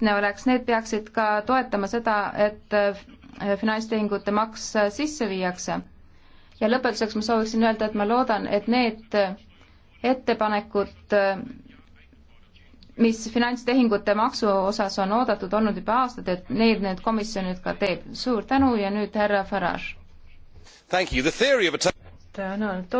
lihtne oleks, need peaksid ka toetama seda, et äh, finantstehingute maks äh, sisse viiakse. ja lõpetuseks ma sooviksin öelda, et ma loodan, et need ettepanekud, äh, mis finantstehingute maksu osas on oodatud olnud juba aastaid, et need nüüd komisjon nüüd ka teeb. suur tänu ja nüüd härra Farage. tänan